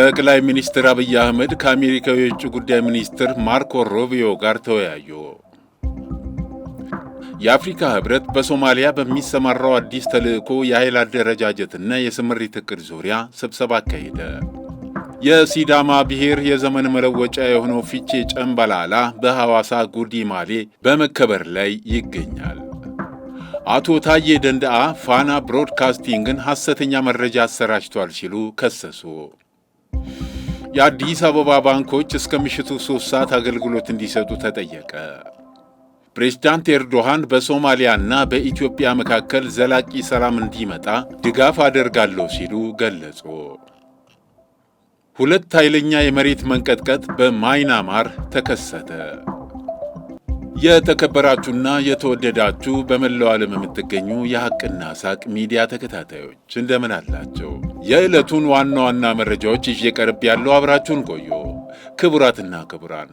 ጠቅላይ ሚኒስትር አብይ አህመድ ከአሜሪካው የውጭ ጉዳይ ሚኒስትር ማርኮ ሩቢዮ ጋር ተወያዩ። የአፍሪካ ህብረት በሶማሊያ በሚሰማራው አዲስ ተልዕኮ የኃይል አደረጃጀትና የስምሪት እቅድ ዙሪያ ስብሰባ አካሄደ። የሲዳማ ብሔር የዘመን መለወጫ የሆነው ፊቼ ጨምበላላ በሐዋሳ ጉዲ ማሌ በመከበር ላይ ይገኛል። አቶ ታዬ ደንደአ ፋና ብሮድካስቲንግን ሐሰተኛ መረጃ አሰራጭቷል ሲሉ ከሰሱ። የአዲስ አበባ ባንኮች እስከ ምሽቱ ሶስት ሰዓት አገልግሎት እንዲሰጡ ተጠየቀ። ፕሬዝዳንት ኤርዶሃን በሶማሊያና በኢትዮጵያ መካከል ዘላቂ ሰላም እንዲመጣ ድጋፍ አደርጋለሁ ሲሉ ገለጹ። ሁለት ኃይለኛ የመሬት መንቀጥቀጥ በማይናማር ተከሰተ። የተከበራችሁና የተወደዳችሁ በመላው ዓለም የምትገኙ የሐቅና ሳቅ ሚዲያ ተከታታዮች እንደምን አላቸው? የዕለቱን ዋና ዋና መረጃዎች ይዤ ቀርብ ያለው አብራችሁን ቆዩ። ክቡራትና ክቡራን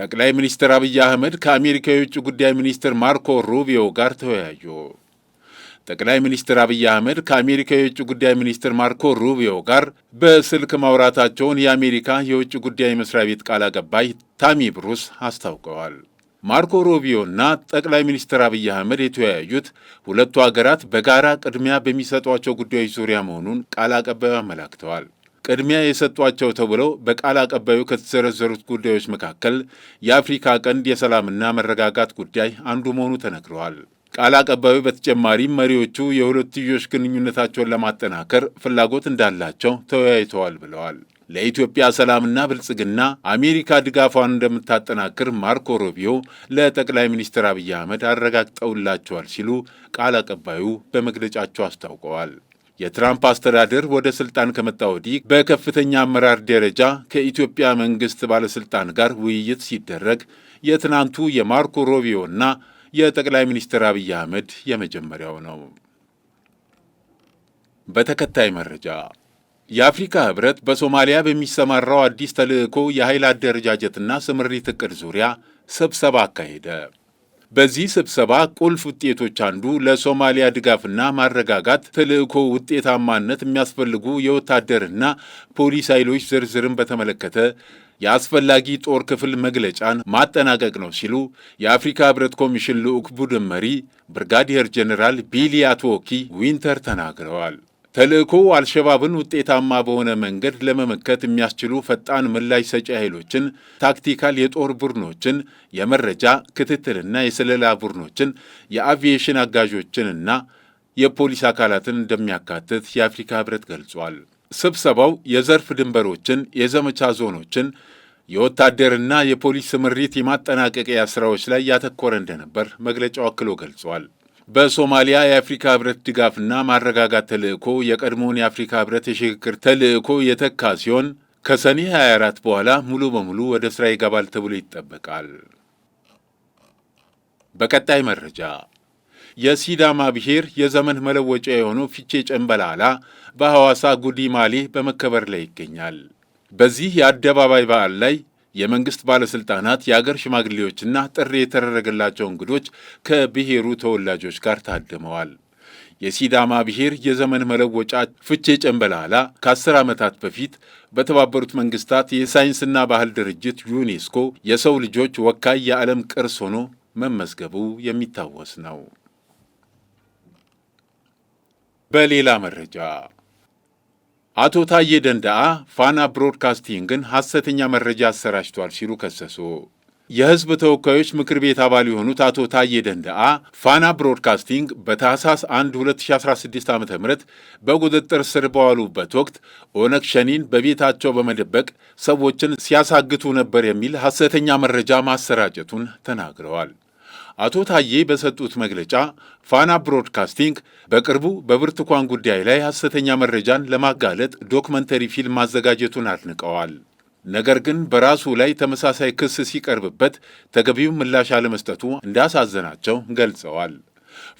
ጠቅላይ ሚኒስትር አብይ አህመድ ከአሜሪካ የውጭ ጉዳይ ሚኒስትር ማርኮ ሩቢዮ ጋር ተወያዩ። ጠቅላይ ሚኒስትር አብይ አህመድ ከአሜሪካ የውጭ ጉዳይ ሚኒስትር ማርኮ ሩቢዮ ጋር በስልክ ማውራታቸውን የአሜሪካ የውጭ ጉዳይ መስሪያ ቤት ቃል አቀባይ ታሚ ብሩስ አስታውቀዋል። ማርኮ እና ጠቅላይ ሚኒስትር አብይ አህመድ የተወያዩት ሁለቱ አገራት በጋራ ቅድሚያ በሚሰጧቸው ጉዳዮች ዙሪያ መሆኑን ቃል አቀባዩ አመላክተዋል። ቅድሚያ የሰጧቸው ተብለው በቃል አቀባዩ ከተዘረዘሩት ጉዳዮች መካከል የአፍሪካ ቀንድ የሰላምና መረጋጋት ጉዳይ አንዱ መሆኑ ተነግረዋል። ቃል አቀባዩ በተጨማሪም መሪዎቹ የሁለትዮሽ ግንኙነታቸውን ለማጠናከር ፍላጎት እንዳላቸው ተወያይተዋል ብለዋል። ለኢትዮጵያ ሰላምና ብልጽግና አሜሪካ ድጋፏን እንደምታጠናክር ማርኮ ሮቢዮ ለጠቅላይ ሚኒስትር አብይ አህመድ አረጋግጠውላቸዋል ሲሉ ቃል አቀባዩ በመግለጫቸው አስታውቀዋል። የትራምፕ አስተዳደር ወደ ስልጣን ከመጣ ወዲህ በከፍተኛ አመራር ደረጃ ከኢትዮጵያ መንግስት ባለስልጣን ጋር ውይይት ሲደረግ የትናንቱ የማርኮ ሮቢዮና የጠቅላይ ሚኒስትር አብይ አህመድ የመጀመሪያው ነው። በተከታይ መረጃ የአፍሪካ ህብረት በሶማሊያ በሚሰማራው አዲስ ተልዕኮ የኃይል አደረጃጀትና ስምሪት ዕቅድ ዙሪያ ስብሰባ አካሄደ። በዚህ ስብሰባ ቁልፍ ውጤቶች አንዱ ለሶማሊያ ድጋፍና ማረጋጋት ተልእኮ ውጤታማነት የሚያስፈልጉ የወታደርና ፖሊስ ኃይሎች ዝርዝርን በተመለከተ የአስፈላጊ ጦር ክፍል መግለጫን ማጠናቀቅ ነው ሲሉ የአፍሪካ ህብረት ኮሚሽን ልዑክ ቡድን መሪ ብርጋዲየር ጀኔራል ቢሊ አትዎኪ ዊንተር ተናግረዋል። ተልእኮ አልሸባብን ውጤታማ በሆነ መንገድ ለመመከት የሚያስችሉ ፈጣን ምላሽ ሰጪ ኃይሎችን፣ ታክቲካል የጦር ቡድኖችን፣ የመረጃ ክትትልና የስለላ ቡድኖችን፣ የአቪዬሽን አጋዦችንና የፖሊስ አካላትን እንደሚያካትት የአፍሪካ ህብረት ገልጿል። ስብሰባው የዘርፍ ድንበሮችን፣ የዘመቻ ዞኖችን፣ የወታደርና የፖሊስ ምሪት የማጠናቀቂያ ስራዎች ላይ ያተኮረ እንደነበር መግለጫው አክሎ ገልጿል። በሶማሊያ የአፍሪካ ህብረት ድጋፍና ማረጋጋት ተልዕኮ የቀድሞውን የአፍሪካ ህብረት የሽግግር ተልዕኮ የተካ ሲሆን ከሰኔ 24 በኋላ ሙሉ በሙሉ ወደ ስራ ይገባል ተብሎ ይጠበቃል። በቀጣይ መረጃ የሲዳማ ብሔር የዘመን መለወጫ የሆነው ፊቼ ጨንበላላ በሐዋሳ ጉዲ ማሌ በመከበር ላይ ይገኛል። በዚህ የአደባባይ በዓል ላይ የመንግስት ባለስልጣናት የአገር ሽማግሌዎችና ጥሪ የተደረገላቸው እንግዶች ከብሔሩ ተወላጆች ጋር ታድመዋል። የሲዳማ ብሔር የዘመን መለወጫ ፍቼ ጨንበላላ ከአስር ዓመታት በፊት በተባበሩት መንግስታት የሳይንስና ባህል ድርጅት ዩኔስኮ የሰው ልጆች ወካይ የዓለም ቅርስ ሆኖ መመዝገቡ የሚታወስ ነው። በሌላ መረጃ አቶ ታዬ ደንዳአ ፋና ብሮድካስቲንግን ሐሰተኛ መረጃ አሰራጭቷል ሲሉ ከሰሱ። የሕዝብ ተወካዮች ምክር ቤት አባል የሆኑት አቶ ታዬ ደንዳአ ፋና ብሮድካስቲንግ በታህሳስ 1 2016 ዓ ም በቁጥጥር ስር በዋሉበት ወቅት ኦነግ ሸኒን በቤታቸው በመደበቅ ሰዎችን ሲያሳግቱ ነበር የሚል ሐሰተኛ መረጃ ማሰራጨቱን ተናግረዋል። አቶ ታዬ በሰጡት መግለጫ ፋና ብሮድካስቲንግ በቅርቡ በብርቱካን ጉዳይ ላይ ሐሰተኛ መረጃን ለማጋለጥ ዶክመንተሪ ፊልም ማዘጋጀቱን አድንቀዋል። ነገር ግን በራሱ ላይ ተመሳሳይ ክስ ሲቀርብበት ተገቢውን ምላሽ አለመስጠቱ እንዳሳዘናቸው ገልጸዋል።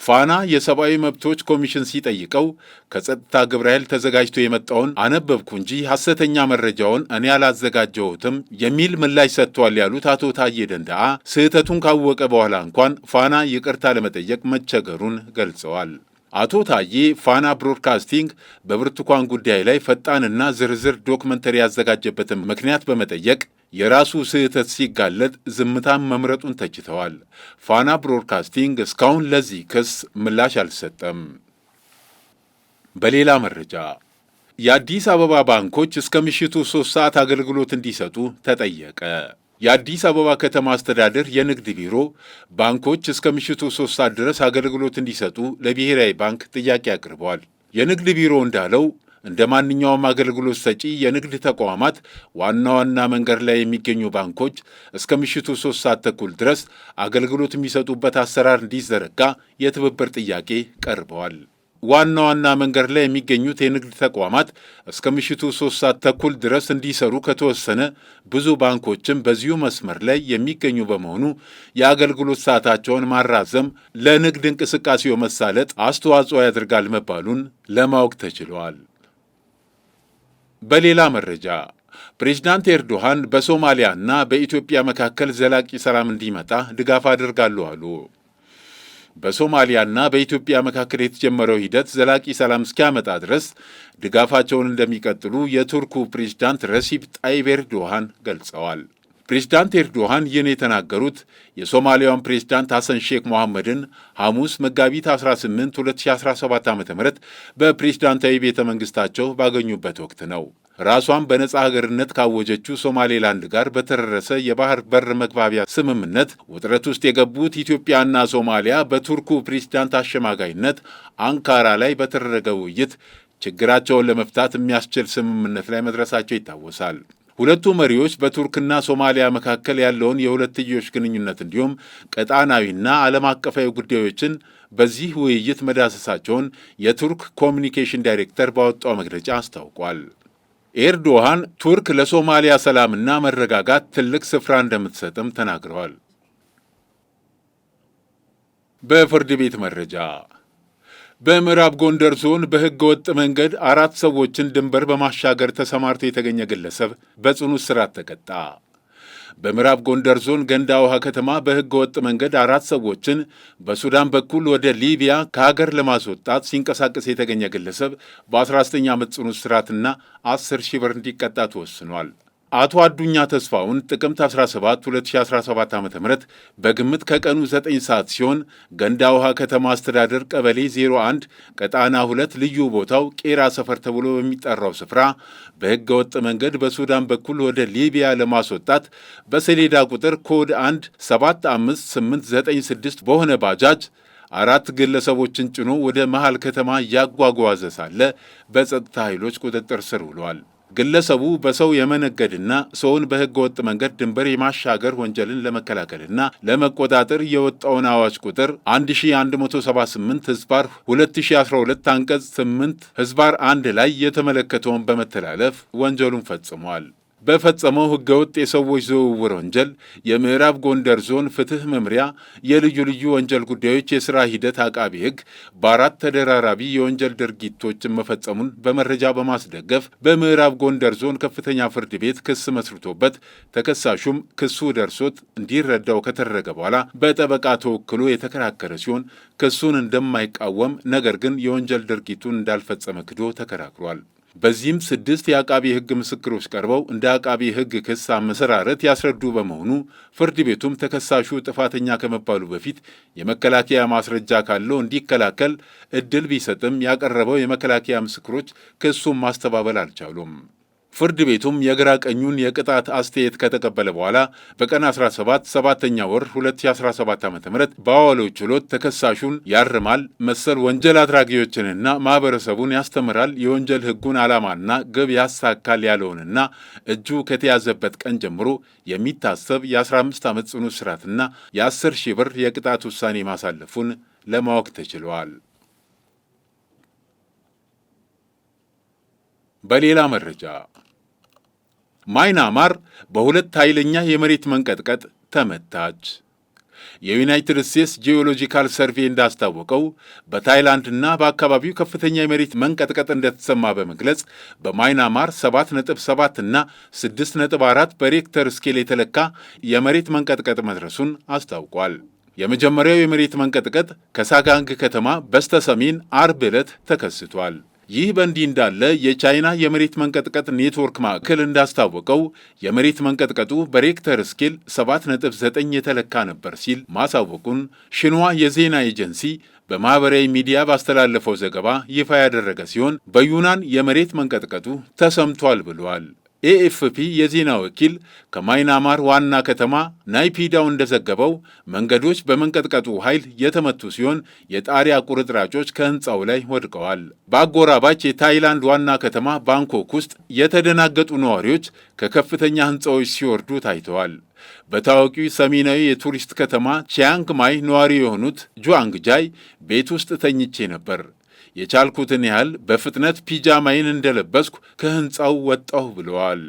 ፋና የሰብአዊ መብቶች ኮሚሽን ሲጠይቀው ከጸጥታ ግብረ ኃይል ተዘጋጅቶ የመጣውን አነበብኩ እንጂ ሐሰተኛ መረጃውን እኔ አላዘጋጀሁትም የሚል ምላሽ ሰጥቷል ያሉት አቶ ታዬ ደንዳአ ስህተቱን ካወቀ በኋላ እንኳን ፋና ይቅርታ ለመጠየቅ መቸገሩን ገልጸዋል። አቶ ታዬ ፋና ብሮድካስቲንግ በብርቱካን ጉዳይ ላይ ፈጣንና ዝርዝር ዶክመንተሪ ያዘጋጀበትን ምክንያት በመጠየቅ የራሱ ስህተት ሲጋለጥ ዝምታን መምረጡን ተችተዋል። ፋና ብሮድካስቲንግ እስካሁን ለዚህ ክስ ምላሽ አልሰጠም። በሌላ መረጃ የአዲስ አበባ ባንኮች እስከ ምሽቱ ሶስት ሰዓት አገልግሎት እንዲሰጡ ተጠየቀ። የአዲስ አበባ ከተማ አስተዳደር የንግድ ቢሮ ባንኮች እስከ ምሽቱ ሶስት ሰዓት ድረስ አገልግሎት እንዲሰጡ ለብሔራዊ ባንክ ጥያቄ አቅርበዋል። የንግድ ቢሮ እንዳለው እንደ ማንኛውም አገልግሎት ሰጪ የንግድ ተቋማት ዋና ዋና መንገድ ላይ የሚገኙ ባንኮች እስከ ምሽቱ ሶስት ሰዓት ተኩል ድረስ አገልግሎት የሚሰጡበት አሰራር እንዲዘረጋ የትብብር ጥያቄ ቀርበዋል። ዋና ዋና መንገድ ላይ የሚገኙት የንግድ ተቋማት እስከ ምሽቱ ሶስት ሰዓት ተኩል ድረስ እንዲሰሩ ከተወሰነ ብዙ ባንኮችም በዚሁ መስመር ላይ የሚገኙ በመሆኑ የአገልግሎት ሰዓታቸውን ማራዘም ለንግድ እንቅስቃሴው መሳለጥ አስተዋጽኦ ያደርጋል መባሉን ለማወቅ ተችሏል። በሌላ መረጃ ፕሬዚዳንት ኤርዶሃን በሶማሊያና በኢትዮጵያ መካከል ዘላቂ ሰላም እንዲመጣ ድጋፍ አድርጋሉ አሉ። በሶማሊያና በኢትዮጵያ መካከል የተጀመረው ሂደት ዘላቂ ሰላም እስኪያመጣ ድረስ ድጋፋቸውን እንደሚቀጥሉ የቱርኩ ፕሬዝዳንት ረሲፕ ጣይብ ኤርዶሃን ገልጸዋል። ፕሬዚዳንት ኤርዶሃን ይህን የተናገሩት የሶማሊያውን ፕሬዝዳንት ሐሰን ሼክ ሞሐመድን ሐሙስ መጋቢት 18 2017 ዓ ም በፕሬዝዳንታዊ ቤተ መንግሥታቸው ባገኙበት ወቅት ነው። ራሷን በነጻ ሀገርነት ካወጀችው ሶማሌላንድ ጋር በተደረሰ የባህር በር መግባቢያ ስምምነት ውጥረት ውስጥ የገቡት ኢትዮጵያና ሶማሊያ በቱርኩ ፕሬዚዳንት አሸማጋይነት አንካራ ላይ በተደረገ ውይይት ችግራቸውን ለመፍታት የሚያስችል ስምምነት ላይ መድረሳቸው ይታወሳል። ሁለቱ መሪዎች በቱርክና ሶማሊያ መካከል ያለውን የሁለትዮሽ ግንኙነት እንዲሁም ቀጣናዊና ዓለም አቀፋዊ ጉዳዮችን በዚህ ውይይት መዳሰሳቸውን የቱርክ ኮሚኒኬሽን ዳይሬክተር ባወጣው መግለጫ አስታውቋል። ኤርዶሃን ቱርክ ለሶማሊያ ሰላምና መረጋጋት ትልቅ ስፍራ እንደምትሰጥም ተናግረዋል። በፍርድ ቤት መረጃ በምዕራብ ጎንደር ዞን በሕገ ወጥ መንገድ አራት ሰዎችን ድንበር በማሻገር ተሰማርቶ የተገኘ ግለሰብ በጽኑ እስራት ተቀጣ። በምዕራብ ጎንደር ዞን ገንዳ ውሃ ከተማ በሕገ ወጥ መንገድ አራት ሰዎችን በሱዳን በኩል ወደ ሊቢያ ከሀገር ለማስወጣት ሲንቀሳቀስ የተገኘ ግለሰብ በ19 ዓመት ጽኑ እስራትና 10 ሺህ ብር እንዲቀጣ ተወስኗል። አቶ አዱኛ ተስፋውን ጥቅምት 17 2017 ዓ ም በግምት ከቀኑ 9 ሰዓት ሲሆን ገንዳ ውሃ ከተማ አስተዳደር ቀበሌ 01 ቀጣና 2 ልዩ ቦታው ቄራ ሰፈር ተብሎ በሚጠራው ስፍራ በሕገ ወጥ መንገድ በሱዳን በኩል ወደ ሊቢያ ለማስወጣት በሰሌዳ ቁጥር ኮድ 1 75896 በሆነ ባጃጅ አራት ግለሰቦችን ጭኖ ወደ መሃል ከተማ እያጓጓዘ ሳለ በጸጥታ ኃይሎች ቁጥጥር ስር ውሏል። ግለሰቡ በሰው የመነገድና ሰውን በሕገ ወጥ መንገድ ድንበር የማሻገር ወንጀልን ለመከላከልና ለመቆጣጠር የወጣውን አዋጅ ቁጥር 1178 ህዝባር 2012 አንቀጽ 8 ህዝባር 1 ላይ የተመለከተውን በመተላለፍ ወንጀሉን ፈጽሟል። በፈጸመው ህገወጥ የሰዎች ዝውውር ወንጀል የምዕራብ ጎንደር ዞን ፍትህ መምሪያ የልዩ ልዩ ወንጀል ጉዳዮች የሥራ ሂደት አቃቢ ህግ በአራት ተደራራቢ የወንጀል ድርጊቶችን መፈጸሙን በመረጃ በማስደገፍ በምዕራብ ጎንደር ዞን ከፍተኛ ፍርድ ቤት ክስ መስርቶበት ተከሳሹም ክሱ ደርሶት እንዲረዳው ከተደረገ በኋላ በጠበቃ ተወክሎ የተከራከረ ሲሆን ክሱን እንደማይቃወም ነገር ግን የወንጀል ድርጊቱን እንዳልፈጸመ ክዶ ተከራክሯል። በዚህም ስድስት የአቃቢ ሕግ ምስክሮች ቀርበው እንደ አቃቢ ሕግ ክስ አመሰራረት ያስረዱ በመሆኑ ፍርድ ቤቱም ተከሳሹ ጥፋተኛ ከመባሉ በፊት የመከላከያ ማስረጃ ካለው እንዲከላከል እድል ቢሰጥም ያቀረበው የመከላከያ ምስክሮች ክሱን ማስተባበል አልቻሉም። ፍርድ ቤቱም የግራ ቀኙን የቅጣት አስተያየት ከተቀበለ በኋላ በቀን 17 ሰባተኛ ወር 2017 ዓ ም በዋለው ችሎት ተከሳሹን ያርማል፣ መሰል ወንጀል አድራጊዎችንና ማህበረሰቡን ያስተምራል፣ የወንጀል ህጉን ዓላማና ግብ ያሳካል ያለውንና እጁ ከተያዘበት ቀን ጀምሮ የሚታሰብ የ15 ዓመት ጽኑ እስራትና የ10 ሺህ ብር የቅጣት ውሳኔ ማሳለፉን ለማወቅ ተችሏል። በሌላ መረጃ ማይናማር በሁለት ኃይለኛ የመሬት መንቀጥቀጥ ተመታች። የዩናይትድ ስቴትስ ጂኦሎጂካል ሰርቬ እንዳስታወቀው በታይላንድና በአካባቢው ከፍተኛ የመሬት መንቀጥቀጥ እንደተሰማ በመግለጽ በማይናማር 7.7 እና 6.4 በሬክተር ስኬል የተለካ የመሬት መንቀጥቀጥ መድረሱን አስታውቋል። የመጀመሪያው የመሬት መንቀጥቀጥ ከሳጋንግ ከተማ በስተ ሰሜን አርብ ዕለት ተከስቷል። ይህ በእንዲህ እንዳለ የቻይና የመሬት መንቀጥቀጥ ኔትወርክ ማዕከል እንዳስታወቀው የመሬት መንቀጥቀጡ በሬክተር ስኬል 7.9 የተለካ ነበር ሲል ማሳወቁን ሽንዋ የዜና ኤጀንሲ በማኅበራዊ ሚዲያ ባስተላለፈው ዘገባ ይፋ ያደረገ ሲሆን በዩናን የመሬት መንቀጥቀጡ ተሰምቷል ብለዋል። ኤኤፍፒ የዜና ወኪል ከማይናማር ዋና ከተማ ናይፒዳው እንደዘገበው መንገዶች በመንቀጥቀጡ ኃይል የተመቱ ሲሆን የጣሪያ ቁርጥራጮች ከህንፃው ላይ ወድቀዋል። በአጎራባች የታይላንድ ዋና ከተማ ባንኮክ ውስጥ የተደናገጡ ነዋሪዎች ከከፍተኛ ህንፃዎች ሲወርዱ ታይተዋል። በታዋቂው ሰሜናዊ የቱሪስት ከተማ ቺያንግ ማይ ነዋሪ የሆኑት ጁአንግ ጃይ ቤት ውስጥ ተኝቼ ነበር የቻልኩትን ያህል በፍጥነት ፒጃማዬን እንደለበስኩ ከህንፃው ወጣሁ ብለዋል።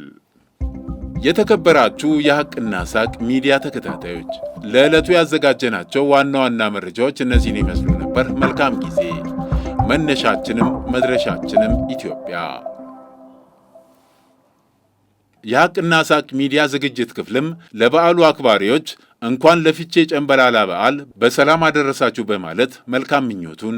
የተከበራችሁ የሐቅና ሳቅ ሚዲያ ተከታታዮች ለዕለቱ ያዘጋጀናቸው ዋና ዋና መረጃዎች እነዚህን ይመስሉ ነበር። መልካም ጊዜ። መነሻችንም መድረሻችንም ኢትዮጵያ። የሐቅና ሳቅ ሚዲያ ዝግጅት ክፍልም ለበዓሉ አክባሪዎች እንኳን ለፊቼ ጨንበላላ በዓል በሰላም አደረሳችሁ በማለት መልካም ምኞቱን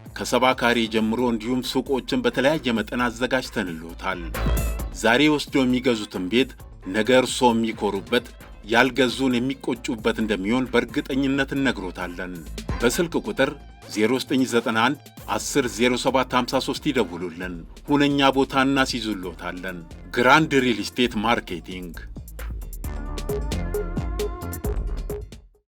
ከሰባ ካሬ ጀምሮ እንዲሁም ሱቆችን በተለያየ መጠን አዘጋጅተንልዎታል። ዛሬ ወስደው የሚገዙትን ቤት ነገ እርስዎ የሚኮሩበት ያልገዙን የሚቆጩበት እንደሚሆን በእርግጠኝነት እነግሮታለን። በስልክ ቁጥር 0991 0753 ይደውሉልን። ሁነኛ ቦታ እናስይዙልዎታለን። ግራንድ ሪል ስቴት ማርኬቲንግ